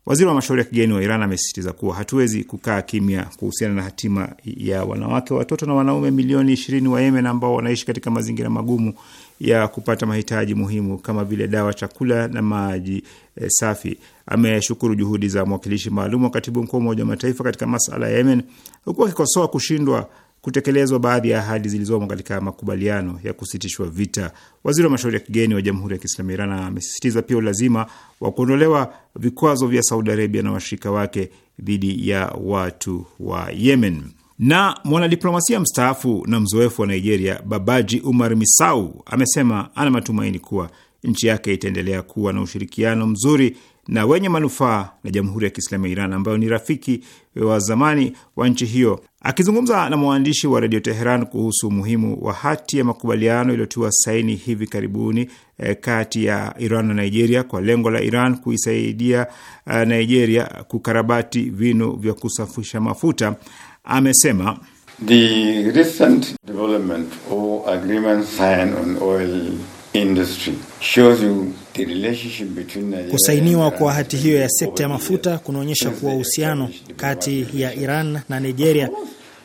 Waziri wa mashauri ya kigeni wa Iran amesisitiza kuwa hatuwezi kukaa kimya kuhusiana na hatima ya wanawake, watoto na wanaume milioni ishirini wa Yemen ambao wanaishi katika mazingira magumu ya kupata mahitaji muhimu kama vile dawa, chakula na maji e, safi. Ameshukuru juhudi za mwakilishi maalum wa katibu mkuu wa Umoja wa Mataifa katika masala ya Yemen, huku akikosoa kushindwa kutekelezwa baadhi ya ahadi zilizomo katika makubaliano ya kusitishwa vita. Waziri wa mashauri ya kigeni wa Jamhuri ya Kiislamu Iran amesisitiza pia ulazima wa kuondolewa vikwazo vya Saudi Arabia na washirika wake dhidi ya watu wa Yemen. Na mwanadiplomasia mstaafu na mzoefu wa Nigeria Babaji Umar Misau amesema ana matumaini kuwa nchi yake itaendelea kuwa na ushirikiano mzuri na wenye manufaa na Jamhuri ya Kiislamu ya Iran ambayo ni rafiki wa zamani wa nchi hiyo. Akizungumza na mwandishi wa redio Teheran kuhusu umuhimu wa hati ya makubaliano iliyotiwa saini hivi karibuni eh, kati ya Iran na Nigeria kwa lengo la Iran kuisaidia uh, Nigeria kukarabati vinu vya kusafisha mafuta, amesema The recent development or agreement signed on oil industry shows you Uh, Kusainiwa kwa hati hiyo ya sekta ya mafuta kunaonyesha kuwa uhusiano kati ya Iran na Nigeria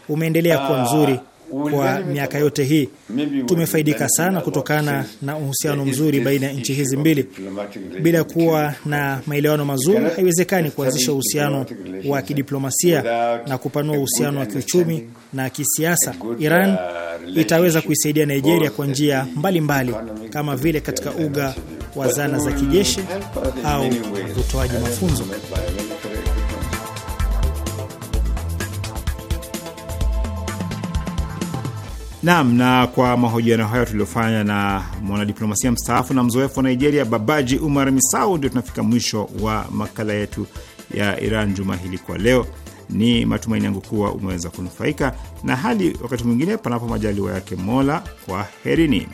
umeendelea kuwa uh, mzuri kwa miaka yote hii. Tumefaidika sana kutokana na uhusiano mzuri baina ya nchi hizi mbili. Bila kuwa na maelewano mazuri, haiwezekani kuanzisha uhusiano wa kidiplomasia na kupanua uhusiano wa kiuchumi na kisiasa. Iran uh, itaweza kuisaidia Nigeria kwa njia mbalimbali kama vile katika uga wa zana za kijeshi au utoaji mafunzo. Naam, na kwa mahojiano hayo tuliofanya na mwanadiplomasia mstaafu na mzoefu wa Nigeria Babaji Umar Misau, ndio tunafika mwisho wa makala yetu ya Iran juma hili kwa leo. Ni matumaini yangu kuwa umeweza kunufaika na hadi Wakati mwingine, panapo majaliwa yake Mola, kwa herini.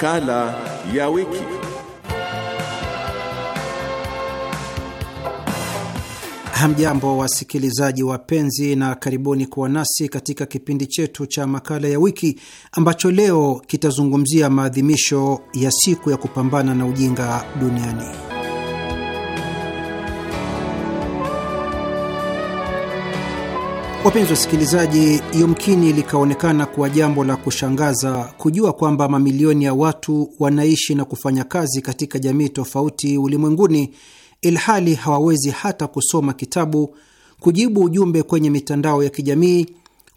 Makala ya wiki. Hamjambo wasikilizaji wapenzi, na karibuni kuwa nasi katika kipindi chetu cha makala ya wiki ambacho leo kitazungumzia maadhimisho ya siku ya kupambana na ujinga duniani. Wapenzi wasikilizaji, yumkini likaonekana kuwa jambo la kushangaza kujua kwamba mamilioni ya watu wanaishi na kufanya kazi katika jamii tofauti ulimwenguni, ilhali hawawezi hata kusoma kitabu, kujibu ujumbe kwenye mitandao ya kijamii,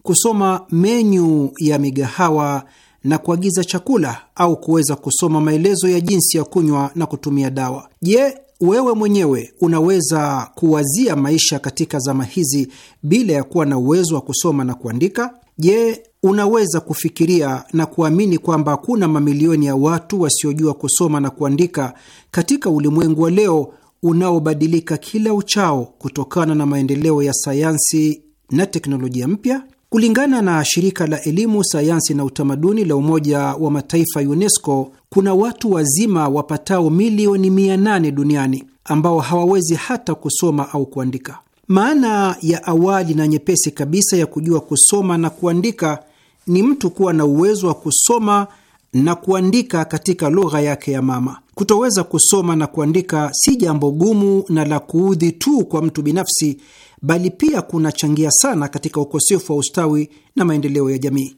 kusoma menyu ya migahawa na kuagiza chakula au kuweza kusoma maelezo ya jinsi ya kunywa na kutumia dawa. Je, wewe mwenyewe unaweza kuwazia maisha katika zama hizi bila ya kuwa na uwezo wa kusoma na kuandika? Je, unaweza kufikiria na kuamini kwamba kuna mamilioni ya watu wasiojua kusoma na kuandika katika ulimwengu wa leo unaobadilika kila uchao kutokana na maendeleo ya sayansi na teknolojia mpya? Kulingana na shirika la elimu, sayansi na utamaduni la Umoja wa Mataifa, UNESCO, kuna watu wazima wapatao milioni 8 duniani ambao hawawezi hata kusoma au kuandika. Maana ya awali na nyepesi kabisa ya kujua kusoma na kuandika ni mtu kuwa na uwezo wa kusoma na kuandika katika lugha yake ya mama. Kutoweza kusoma na kuandika si jambo gumu na la kuudhi tu kwa mtu binafsi, bali pia kunachangia sana katika ukosefu wa ustawi na maendeleo ya jamii.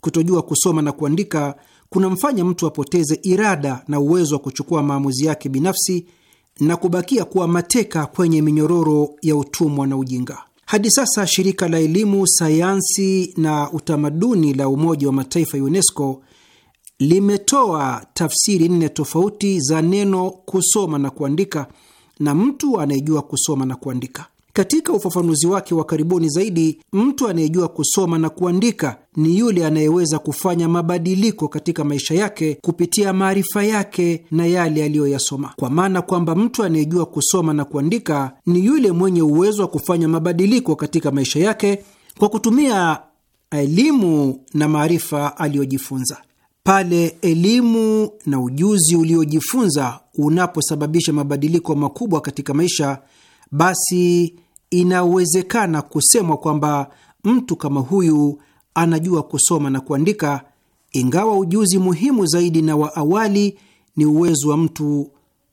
Kutojua kusoma na kuandika kunamfanya mtu apoteze irada na uwezo wa kuchukua maamuzi yake binafsi na kubakia kuwa mateka kwenye minyororo ya utumwa na ujinga. Hadi sasa shirika la elimu, sayansi na utamaduni la Umoja wa Mataifa UNESCO limetoa tafsiri nne tofauti za neno kusoma na kuandika, na mtu anayejua kusoma na kuandika katika ufafanuzi wake wa karibuni zaidi, mtu anayejua kusoma na kuandika ni yule anayeweza kufanya mabadiliko katika maisha yake kupitia maarifa yake na yale aliyoyasoma, kwa maana kwamba mtu anayejua kusoma na kuandika ni yule mwenye uwezo wa kufanya mabadiliko katika maisha yake kwa kutumia elimu na maarifa aliyojifunza. Pale elimu na ujuzi uliojifunza unaposababisha mabadiliko makubwa katika maisha, basi inawezekana kusemwa kwamba mtu kama huyu anajua kusoma na kuandika, ingawa ujuzi muhimu zaidi na wa awali ni uwezo wa mtu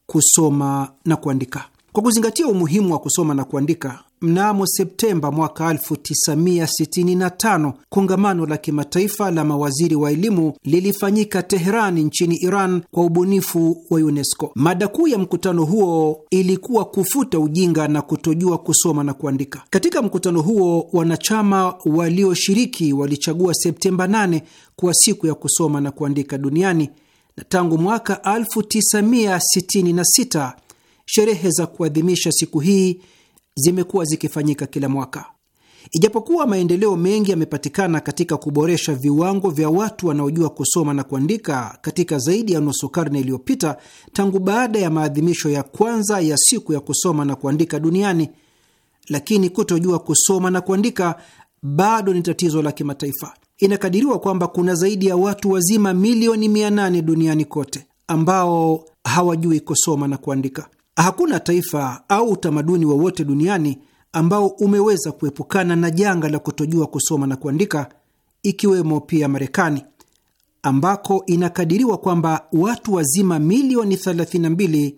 kusoma na kuandika. Kwa kuzingatia umuhimu wa kusoma na kuandika, mnamo Septemba mwaka 1965 kongamano la kimataifa la mawaziri wa elimu lilifanyika Teherani nchini Iran kwa ubunifu wa UNESCO. Mada kuu ya mkutano huo ilikuwa kufuta ujinga na kutojua kusoma na kuandika. Katika mkutano huo, wanachama walioshiriki walichagua Septemba 8 kuwa siku ya kusoma na kuandika duniani na tangu mwaka 1966 sherehe za kuadhimisha siku hii zimekuwa zikifanyika kila mwaka. Ijapokuwa maendeleo mengi yamepatikana katika kuboresha viwango vya watu wanaojua kusoma na kuandika katika zaidi ya nusu karne iliyopita tangu baada ya maadhimisho ya kwanza ya siku ya kusoma na kuandika duniani, lakini kutojua kusoma na kuandika bado ni tatizo la kimataifa. Inakadiriwa kwamba kuna zaidi ya watu wazima milioni 800 duniani kote ambao hawajui kusoma na kuandika. Hakuna taifa au utamaduni wowote duniani ambao umeweza kuepukana na janga la kutojua kusoma na kuandika, ikiwemo pia Marekani ambako inakadiriwa kwamba watu wazima milioni 32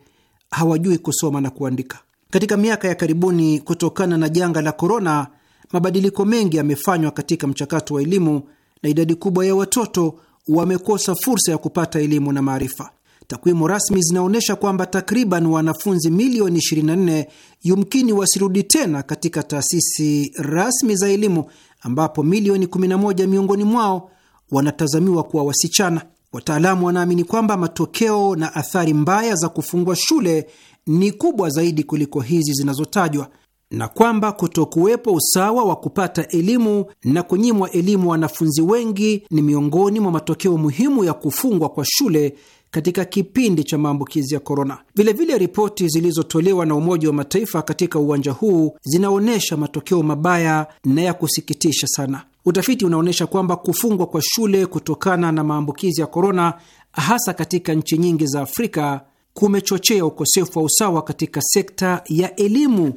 hawajui kusoma na kuandika. Katika miaka ya karibuni, kutokana na janga la korona, mabadiliko mengi yamefanywa katika mchakato wa elimu na idadi kubwa ya watoto wamekosa fursa ya kupata elimu na maarifa. Takwimu rasmi zinaonyesha kwamba takriban wanafunzi milioni 24 yumkini wasirudi tena katika taasisi rasmi za elimu, ambapo milioni 11 miongoni mwao wanatazamiwa kuwa wasichana. Wataalamu wanaamini kwamba matokeo na athari mbaya za kufungwa shule ni kubwa zaidi kuliko hizi zinazotajwa na kwamba kutokuwepo usawa wa kupata elimu na kunyimwa elimu wanafunzi wengi ni miongoni mwa matokeo muhimu ya kufungwa kwa shule katika kipindi cha maambukizi ya korona. Vilevile, ripoti zilizotolewa na Umoja wa Mataifa katika uwanja huu zinaonyesha matokeo mabaya na ya kusikitisha sana. Utafiti unaonyesha kwamba kufungwa kwa shule kutokana na maambukizi ya korona, hasa katika nchi nyingi za Afrika, kumechochea ukosefu wa usawa katika sekta ya elimu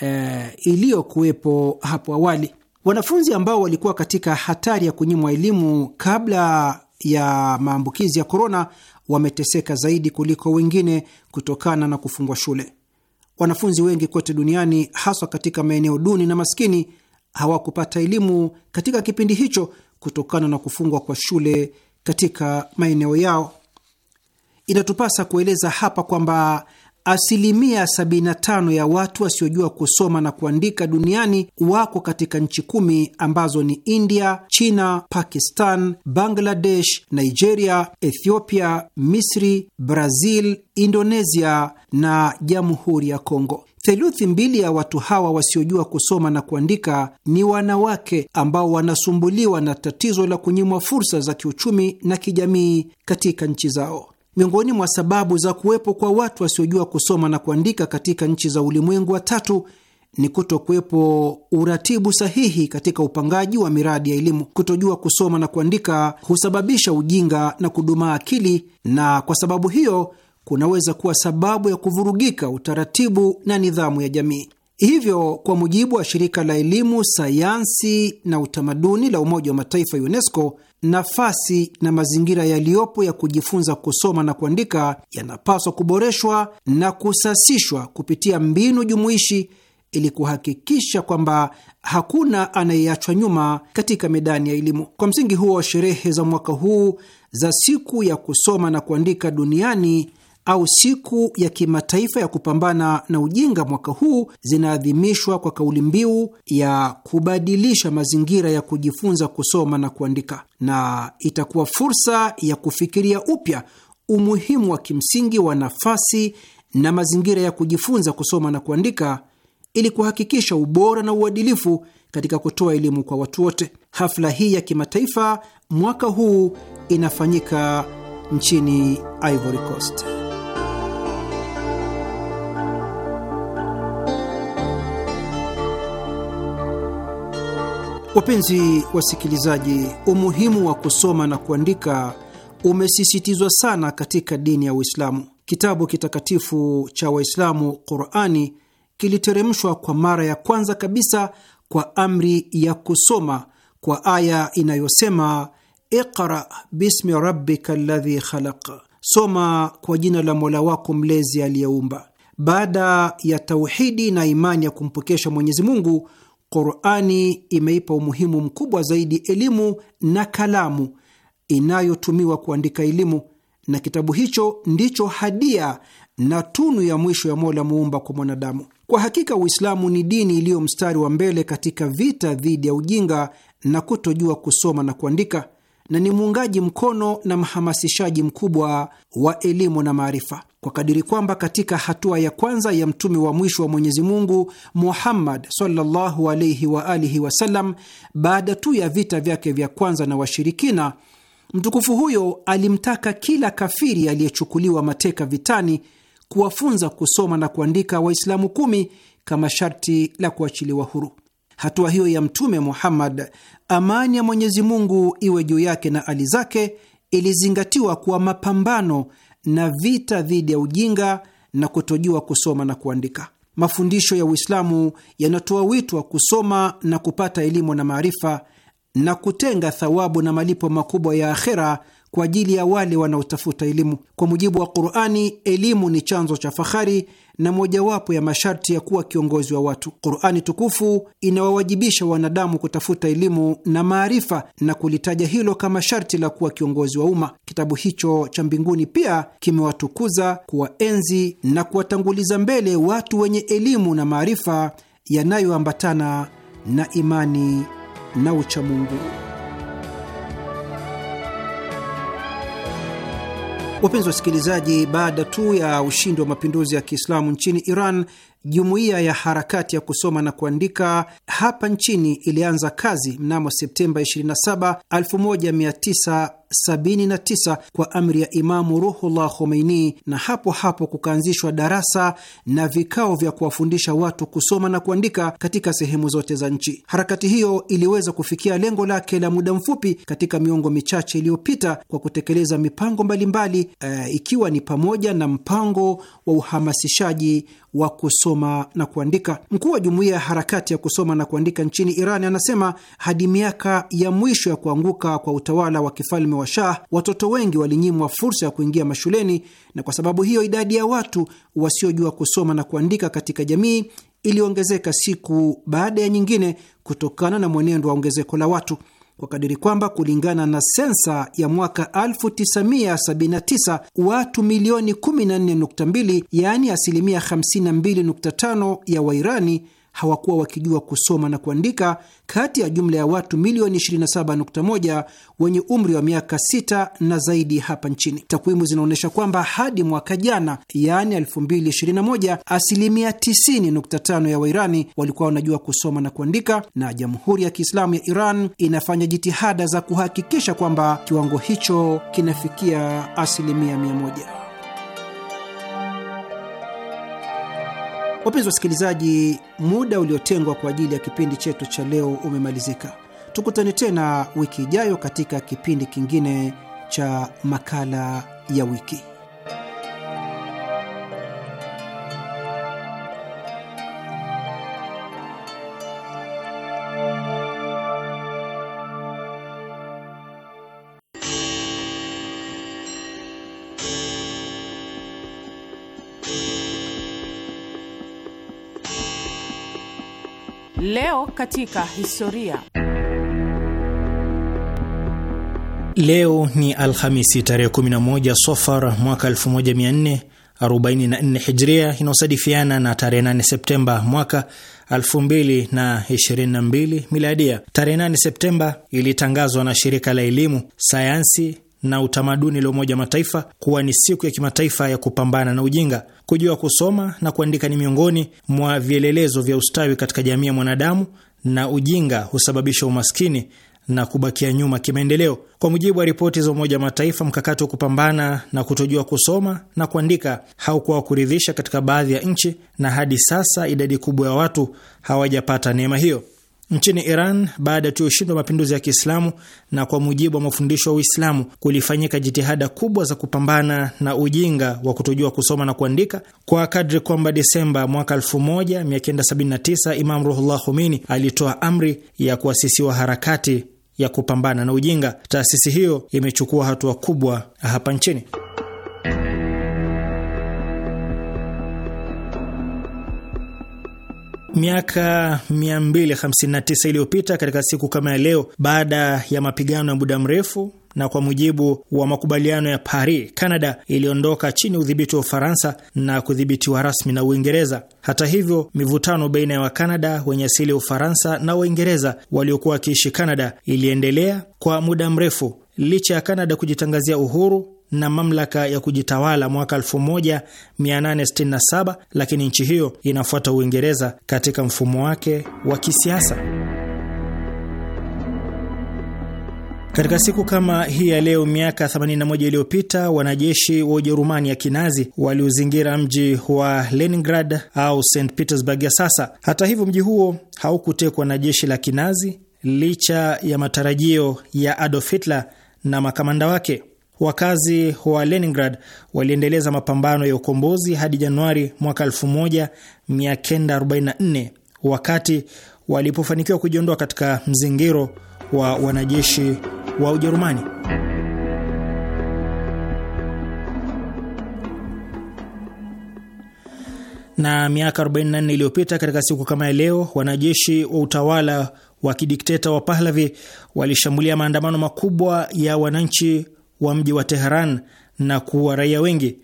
eh, iliyokuwepo hapo awali. Wanafunzi ambao walikuwa katika hatari ya kunyimwa elimu kabla ya maambukizi ya korona wameteseka zaidi kuliko wengine kutokana na kufungwa shule. Wanafunzi wengi kote duniani, haswa katika maeneo duni na maskini, hawakupata elimu katika kipindi hicho kutokana na kufungwa kwa shule katika maeneo yao. Inatupasa kueleza hapa kwamba Asilimia 75 ya watu wasiojua kusoma na kuandika duniani wako katika nchi kumi ambazo ni India, China, Pakistan, Bangladesh, Nigeria, Ethiopia, Misri, Brazil, Indonesia na Jamhuri ya Kongo. Theluthi mbili ya watu hawa wasiojua kusoma na kuandika ni wanawake ambao wanasumbuliwa na tatizo la kunyimwa fursa za kiuchumi na kijamii katika nchi zao. Miongoni mwa sababu za kuwepo kwa watu wasiojua kusoma na kuandika katika nchi za ulimwengu wa tatu ni kutokuwepo uratibu sahihi katika upangaji wa miradi ya elimu. Kutojua kusoma na kuandika husababisha ujinga na kudumaa akili, na kwa sababu hiyo kunaweza kuwa sababu ya kuvurugika utaratibu na nidhamu ya jamii. Hivyo, kwa mujibu wa shirika la elimu, sayansi na utamaduni la Umoja wa Mataifa, UNESCO, nafasi na mazingira yaliyopo ya kujifunza kusoma na kuandika yanapaswa kuboreshwa na kusasishwa kupitia mbinu jumuishi ili kuhakikisha kwamba hakuna anayeachwa nyuma katika medani ya elimu. Kwa msingi huo, sherehe za mwaka huu za siku ya kusoma na kuandika duniani au siku ya kimataifa ya kupambana na ujinga mwaka huu zinaadhimishwa kwa kauli mbiu ya kubadilisha mazingira ya kujifunza kusoma na kuandika, na itakuwa fursa ya kufikiria upya umuhimu wa kimsingi wa nafasi na mazingira ya kujifunza kusoma na kuandika ili kuhakikisha ubora na uadilifu katika kutoa elimu kwa watu wote. Hafla hii ya kimataifa mwaka huu inafanyika nchini Ivory Coast. Wapenzi wasikilizaji, umuhimu wa kusoma na kuandika umesisitizwa sana katika dini ya Uislamu. Kitabu kitakatifu cha Waislamu, Qurani, kiliteremshwa kwa mara ya kwanza kabisa kwa amri ya kusoma kwa aya inayosema iqra bismi rabbika ladhi khalaq, soma kwa jina la mola wako mlezi aliyeumba. Baada ya tauhidi na imani ya kumpokesha Mwenyezi Mungu, Qurani imeipa umuhimu mkubwa zaidi elimu na kalamu inayotumiwa kuandika elimu, na kitabu hicho ndicho hadia na tunu ya mwisho ya Mola muumba kwa mwanadamu. Kwa hakika Uislamu ni dini iliyo mstari wa mbele katika vita dhidi ya ujinga na kutojua kusoma na kuandika na ni muungaji mkono na mhamasishaji mkubwa wa elimu na maarifa, kwa kadiri kwamba katika hatua ya kwanza ya mtume wa mwisho wa Mwenyezi Mungu Muhammad sallallahu alaihi wa alihi wasallam, baada tu ya vita vyake vya kwanza na washirikina, mtukufu huyo alimtaka kila kafiri aliyechukuliwa mateka vitani kuwafunza kusoma na kuandika Waislamu kumi kama sharti la kuachiliwa huru. Hatua hiyo ya Mtume Muhammad, amani ya Mwenyezi Mungu iwe juu yake na ali zake, ilizingatiwa kuwa mapambano na vita dhidi ya ujinga na kutojua kusoma na kuandika. Mafundisho ya Uislamu yanatoa wito wa kusoma na kupata elimu na maarifa na kutenga thawabu na malipo makubwa ya akhera kwa ajili ya wale wanaotafuta elimu. Kwa mujibu wa Qurani, elimu ni chanzo cha fahari na mojawapo ya masharti ya kuwa kiongozi wa watu. Qurani tukufu inawawajibisha wanadamu kutafuta elimu na maarifa na kulitaja hilo kama sharti la kuwa kiongozi wa umma. Kitabu hicho cha mbinguni pia kimewatukuza, kuwaenzi na kuwatanguliza mbele watu wenye elimu na maarifa yanayoambatana na imani na uchamungu. Wapenzi wasikilizaji, baada tu ya ushindi wa mapinduzi ya Kiislamu nchini Iran, jumuiya ya harakati ya kusoma na kuandika hapa nchini ilianza kazi mnamo Septemba 27, 79 kwa amri ya Imamu Ruhullah Khomeini, na hapo hapo kukaanzishwa darasa na vikao vya kuwafundisha watu kusoma na kuandika katika sehemu zote za nchi. Harakati hiyo iliweza kufikia lengo lake la muda mfupi katika miongo michache iliyopita kwa kutekeleza mipango mbalimbali mbali, uh, eh, ikiwa ni pamoja na mpango wa uhamasishaji wa kusoma na kuandika. Mkuu wa jumuiya ya harakati ya kusoma na kuandika nchini Iran anasema hadi miaka ya mwisho ya kuanguka kwa utawala wa kifalme wa Shah, watoto wengi walinyimwa fursa ya kuingia mashuleni, na kwa sababu hiyo idadi ya watu wasiojua kusoma na kuandika katika jamii iliongezeka siku baada ya nyingine kutokana na mwenendo wa ongezeko la watu kwa kadiri kwamba kulingana na sensa ya mwaka 1979 watu milioni 14.2 yaani asilimia 52.5 ya Wairani hawakuwa wakijua kusoma na kuandika kati ya jumla ya watu milioni 27.1 wenye umri wa miaka 6 na zaidi hapa nchini. Takwimu zinaonyesha kwamba hadi mwaka jana, yaani 2021, asilimia 90.5 ya Wairani walikuwa wanajua kusoma na kuandika, na Jamhuri ya Kiislamu ya Iran inafanya jitihada za kuhakikisha kwamba kiwango hicho kinafikia asilimia 100. Wapenzi wasikilizaji, muda uliotengwa kwa ajili ya kipindi chetu cha leo umemalizika. Tukutane tena wiki ijayo katika kipindi kingine cha makala ya wiki. Leo katika historia. Leo ni Alhamisi tarehe 11 Sofar mwaka 1444 Hijria, inayosadifiana na tarehe 8 Septemba mwaka 2022 Miladia. Tarehe 8 Septemba ilitangazwa na shirika la elimu, sayansi na utamaduni la Umoja Mataifa kuwa ni siku ya kimataifa ya kupambana na ujinga. Kujua kusoma na kuandika ni miongoni mwa vielelezo vya ustawi katika jamii ya mwanadamu, na ujinga husababisha umaskini na kubakia nyuma kimaendeleo. Kwa mujibu wa ripoti za Umoja wa Mataifa, mkakati wa kupambana na kutojua kusoma na kuandika haukuwa wa kuridhisha katika baadhi ya nchi, na hadi sasa idadi kubwa ya watu hawajapata neema hiyo. Nchini Iran, baada tu ya ushindi wa mapinduzi ya Kiislamu na kwa mujibu wa mafundisho ya Uislamu, kulifanyika jitihada kubwa za kupambana na ujinga wa kutojua kusoma na kuandika kwa kadri kwamba Desemba mwaka 1979 Imam Ruhullah Khomeini alitoa amri ya kuasisiwa harakati ya kupambana na ujinga. Taasisi hiyo imechukua hatua kubwa hapa nchini. Miaka 259 iliyopita katika siku kama ya leo, baada ya mapigano ya muda mrefu na kwa mujibu wa makubaliano ya Paris, Canada iliondoka chini ya udhibiti wa Ufaransa na kudhibitiwa rasmi na Uingereza. Hata hivyo, mivutano baina ya Wakanada wenye asili ya Ufaransa na Waingereza waliokuwa wakiishi Canada iliendelea kwa muda mrefu licha ya Canada kujitangazia uhuru na mamlaka ya kujitawala mwaka 1867 lakini nchi hiyo inafuata Uingereza katika mfumo wake wa kisiasa. Katika siku kama hii ya leo miaka 81 iliyopita wanajeshi wa Ujerumani ya kinazi waliuzingira mji wa Leningrad au St Petersburg ya sasa. Hata hivyo, mji huo haukutekwa na jeshi la kinazi licha ya matarajio ya Adolf Hitler na makamanda wake. Wakazi wa Leningrad waliendeleza mapambano ya ukombozi hadi Januari mwaka 1944 wakati walipofanikiwa kujiondoa katika mzingiro wa wanajeshi wa Ujerumani. Na miaka 44 iliyopita katika siku kama ya leo, wanajeshi wa utawala wa kidikteta wa Pahlavi walishambulia maandamano makubwa ya wananchi wa mji wa Teheran na kuua raia wengi.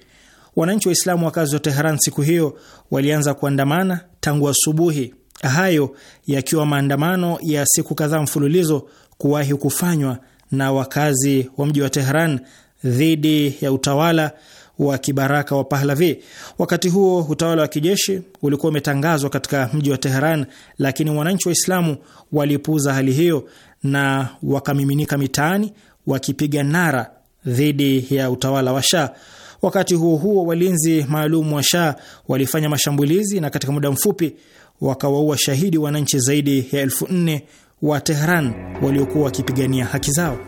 Wananchi Waislamu wakazi wa Teheran siku hiyo walianza kuandamana tangu asubuhi, hayo yakiwa maandamano ya siku kadhaa mfululizo kuwahi kufanywa na wakazi wa mji wa Teheran dhidi ya utawala wa kibaraka wa Pahlavi. Wakati huo utawala wa kijeshi ulikuwa umetangazwa katika mji wa Teheran, lakini wananchi Waislamu walipuuza hali hiyo na wakamiminika mitaani wakipiga nara dhidi ya utawala wa Shah. Wakati huo huo, walinzi maalum wa Shah walifanya mashambulizi na katika muda mfupi wakawaua shahidi wananchi zaidi ya elfu nne wa Tehran waliokuwa wakipigania haki zao.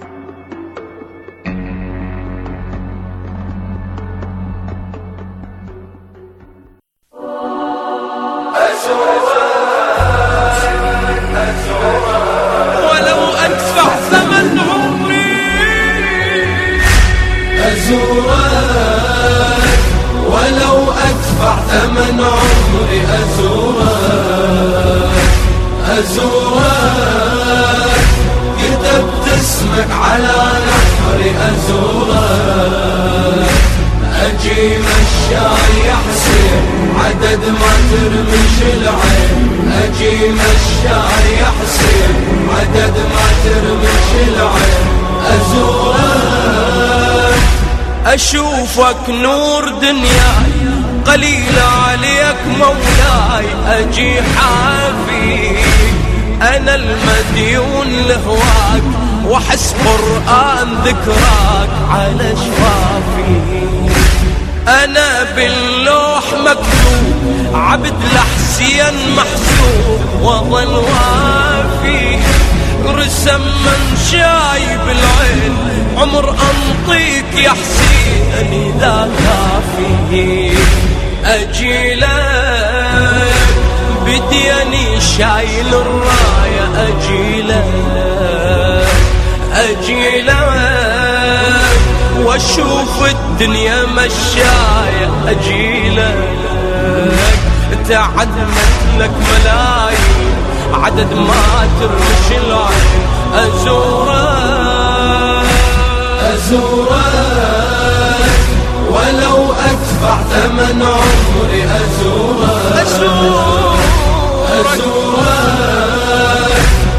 ضوك نور دنياي قليل عليك مولاي أجي حافي أنا المديون لهواك واحس قرآن ذكراك على شوافي أنا باللوح مكتوب عبد لحسين محسوب وظل وافي رسم من شايب العين عمر أنطيك يا حسين أني ذا كافي أجيلك بدياني شايل الراية أجيلك أجيلك واشوف الدنيا مشاية أجيلك تعدمت لك ملايين عدد ما ترمش العين أزورك أزورك ولو أدفع ثمن عمري أزورك أزورك أزورك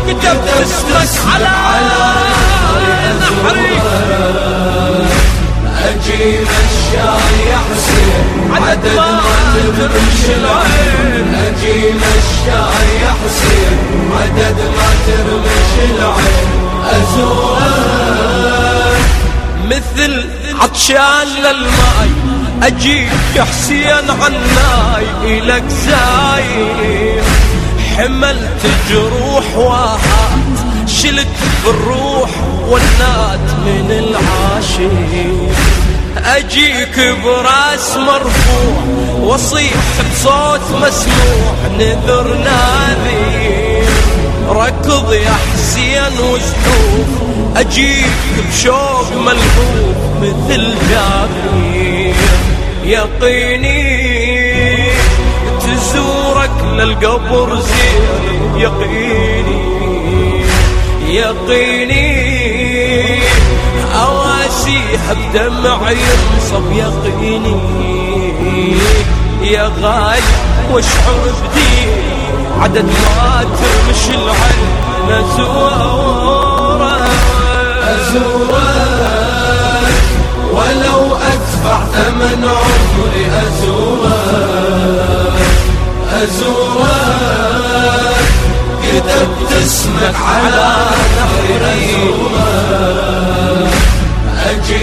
كتبت اسمك على نحري أجيب الشعر يحسن عدد ما تبرش العين أجيب الشعر يحسن عدد ما ترمش العين أزورك مثل عطشان للماي اجيك يا حسين عناي الك زاير حملت جروح واهات شلت بالروح ونات من العاشق اجيك براس مرفوع واصيح بصوت مسموع نذر ناذير ركض يا حسين وشوف اجيك بشوق ملهوف مثل جابير يقيني تزورك للقبر زين يقيني يقيني اواسيح بدمع ينصب يقيني يا غالي واشعر بدي عدد ما ترمش العلم ازورك ازورك ولو ادفع ثمن عمري ازورك ازورك كتبت اسمك على نهر ازورك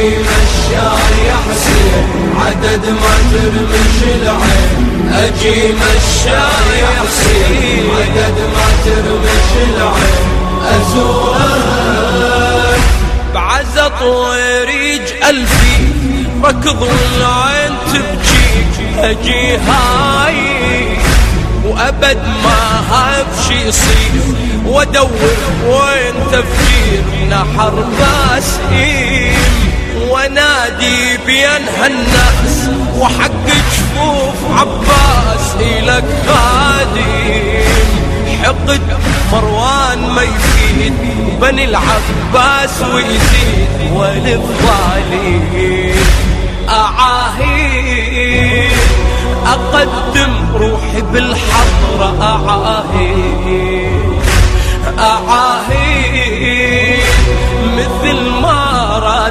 مشاي يا حسين عدد ما ترمش العين اجي مشاي يا عدد ما ترمش العين ازورك بعزة طويريج الفي ركض العين تبكي اجي هاي وابد ما هبشي يصير وادور وين تفكير نحر باسئل إيه. وانادي بينها الناس وحق جفوف عباس الك غادي حقد مروان ما يفيد بني العباس ويزيد وللظالمين أعاهين أقدم روحي بالحضرة أعاهين أعاهين مثل ما